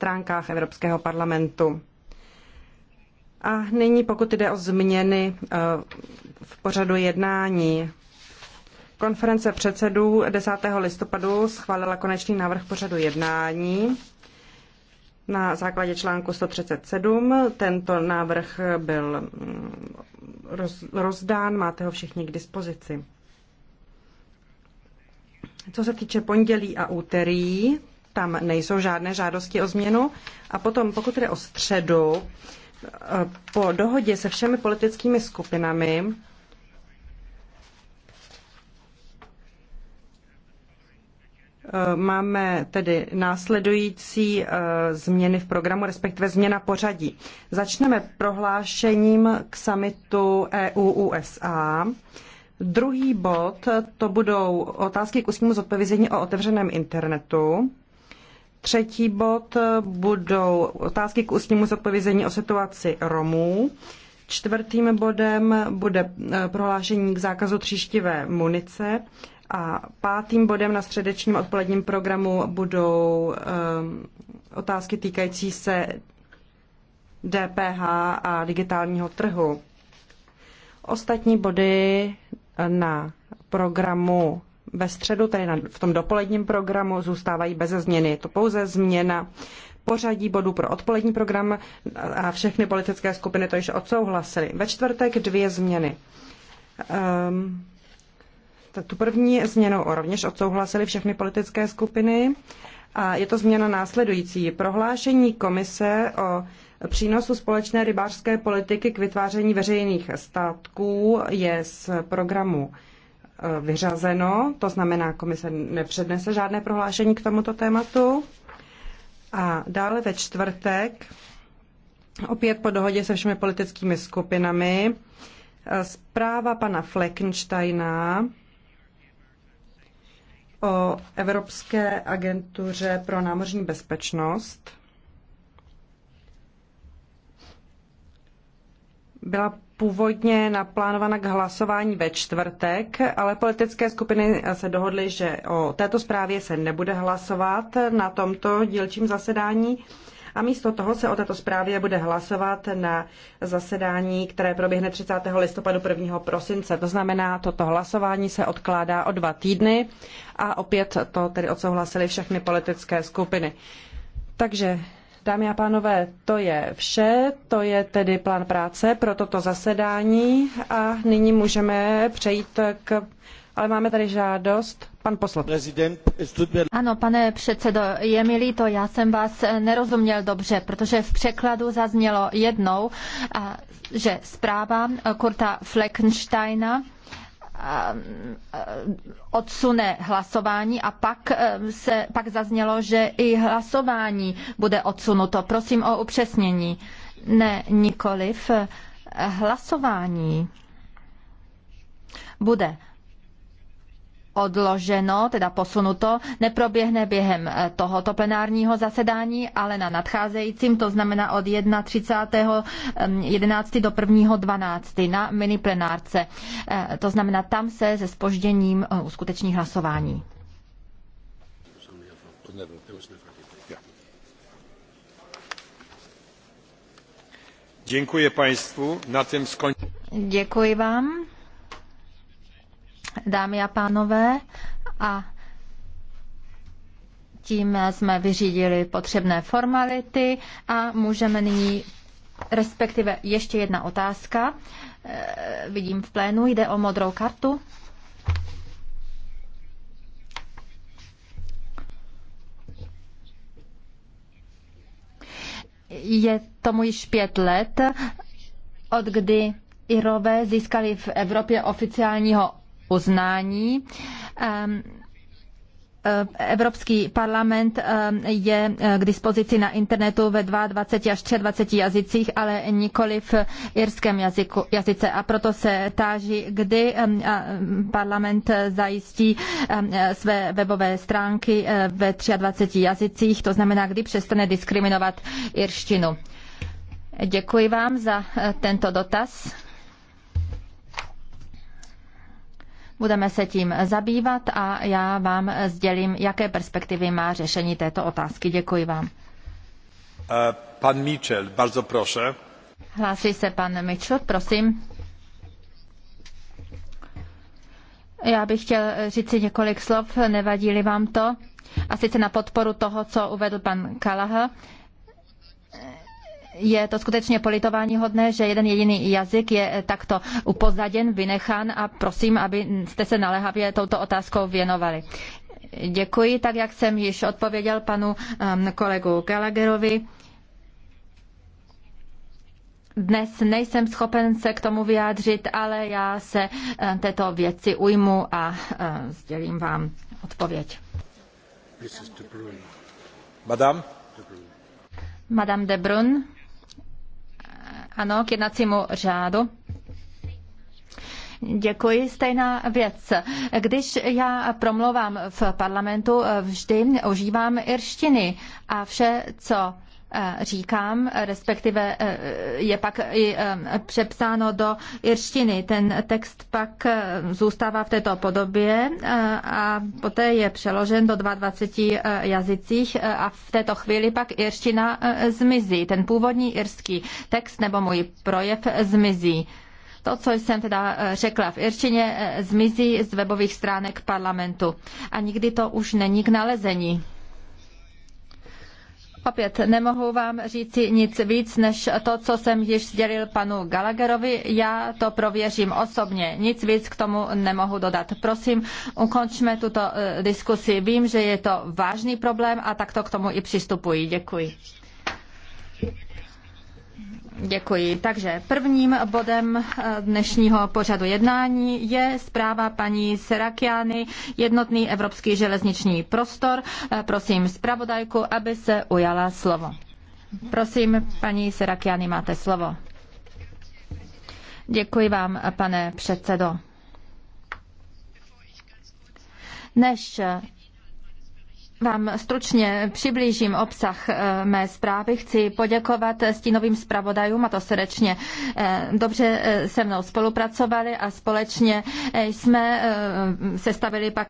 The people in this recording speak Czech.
stránkách Evropského parlamentu. A nyní, pokud jde o změny eh, v pořadu jednání, konference předsedů 10. listopadu schválila konečný návrh pořadu jednání. Na základě článku 137 tento návrh byl mm, rozdán, máte ho všichni k dispozici. Co se týče pondělí a úterý, tam nejsou žádné žádosti o změnu. A potom, pokud jde o středu, eh, po dohodě se všemi politickými skupinami eh, máme tedy následující eh, změny v programu, respektive změna pořadí. Začneme prohlášením k samitu EU-USA. Druhý bod to budou otázky k ústnímu zodpovězení o otevřeném internetu. Třetí bod budou otázky k ústnímu zodpovězení o situaci Romů. Čtvrtým bodem bude eh, prohlášení k zákazu tříštivé munice. A pátým bodem na středečním odpoledním programu budou um, otázky týkající se DPH a digitálního trhu. Ostatní body na programu ve středu, tedy na, v tom dopoledním programu, zůstávají bez změny. Je to pouze změna pořadí bodů pro odpolední program a všechny politické skupiny to již odsouhlasily. Ve čtvrtek dvě změny. Um, tu první změnu rovněž odsouhlasily všechny politické skupiny a je to změna následující. Prohlášení komise o přínosu společné rybářské politiky k vytváření veřejných statků je z programu Eh, vyřazeno, to znamená, komise nepřednese žádné prohlášení k tomuto tématu. A dále ve čtvrtek, opět po dohodě se všemi politickými skupinami, eh, zpráva pana Fleckensteina o Evropské agentuře pro námořní bezpečnost. byla původně naplánována k hlasování ve čtvrtek, ale politické skupiny se dohodly, že o této zprávě se nebude hlasovat na tomto dílčím zasedání a místo toho se o této zprávě bude hlasovat na zasedání, které proběhne 30. listopadu 1. prosince. To znamená, toto hlasování se odkládá o dva týdny a opět to tedy odsouhlasili všechny politické skupiny. Takže Dámy a pánové, to je vše, to je tedy plán práce pro toto zasedání a nyní můžeme přejít k ale máme tady žádost. Pan poslanec. Ano, pane předsedo, je mi líto, já jsem vás nerozuměl dobře, protože v překladu zaznělo jednou, že zpráva Kurta Fleckensteina odsune hlasování a pak, e, se, pak zaznělo, že i hlasování bude odsunuto. Prosím o upřesnění. Ne, nikoliv. Hlasování bude odloženo, teda posunuto, neproběhne během eh, tohoto plenárního zasedání, ale na nadcházejícím, to znamená od 31.11. do 1.12. na mini plenárce. Eh, to znamená, tam se se spožděním eh, uskuteční hlasování. Děkuji państwu. Na tym Děkuji vám dámy a pánové, a tím jsme vyřídili potřebné formality a můžeme nyní, respektive ještě jedna otázka. E, vidím v plénu, jde o modrou kartu. Je tomu již pět let, od kdy Irové získali v Evropě oficiálního uznání. Eh, Evropský parlament eh, je eh, k dispozici na internetu ve 22 až 23 jazycích, ale nikoli v irském jazyku, jazyce. A proto se táží, kdy parlament zajistí své webové stránky ve 23 jazycích, to znamená, kdy přestane diskriminovat irštinu. Děkuji vám za tento dotaz. Budeme se tím zabývat a já vám sdělím, jaké perspektivy má řešení této otázky. Děkuji vám. Eh, pan Mitchell, bardzo proszę. Hlásí se pan Mitchell, prosím. Já bych chtěl si několik slov, nevadí-li vám to. A sice na podporu toho, co uvedl pan Kalaha je to skutečně politování hodné, že jeden jediný jazyk je takto upozaděn, vynechán a prosím, abyste se naléhavě touto otázkou věnovali. Děkuji, tak jak jsem již odpověděl panu um, kolegu Gallagherovi. Dnes nejsem schopen se k tomu vyjádřit, ale já se um, této věci ujmu a um, sdělím vám odpověď. Madame? Madame de Brun. Ano, k jednacímu řádu. Děkuji. Stejná věc. Když já promlouvám v parlamentu, vždy užívám irštiny a vše, co Eh, říkám, respektive eh, je pak i eh, přepsáno do irštiny. Ten text pak zůstává v této podobě a poté je přeložen do 22 jazycích a v této chvíli pak irština zmizí. Ten původní irský text nebo můj projev zmizí. To, co jsem teda řekla v irštině, zmizí z webových stránek parlamentu a nikdy to už není k nalezení. Opět nemohu vám říci nic víc, než to, co jsem již sdělil panu Gallagherovi. Já to prověřím osobně. Nic víc k tomu nemohu dodat. Prosím, ukončme tuto eh, diskusi. Vím, že je to vážný problém a takto k tomu i přistupuji. Děkuji. Děkuji. Takže prvním bodem eh, dnešního pořadu jednání je zpráva paní Serakiany, jednotný evropský železniční prostor. Eh, prosím zpravodajku, aby se ujala slovo. Prosím, paní Serakiany, máte slovo. Děkuji vám, pane předsedo. Než vám stručně přiblížím obsah eh, mé zprávy. Chci poděkovat stínovým zpravodajům a to srdečně. Eh, dobře eh, se mnou spolupracovali a společně jsme sestavili pak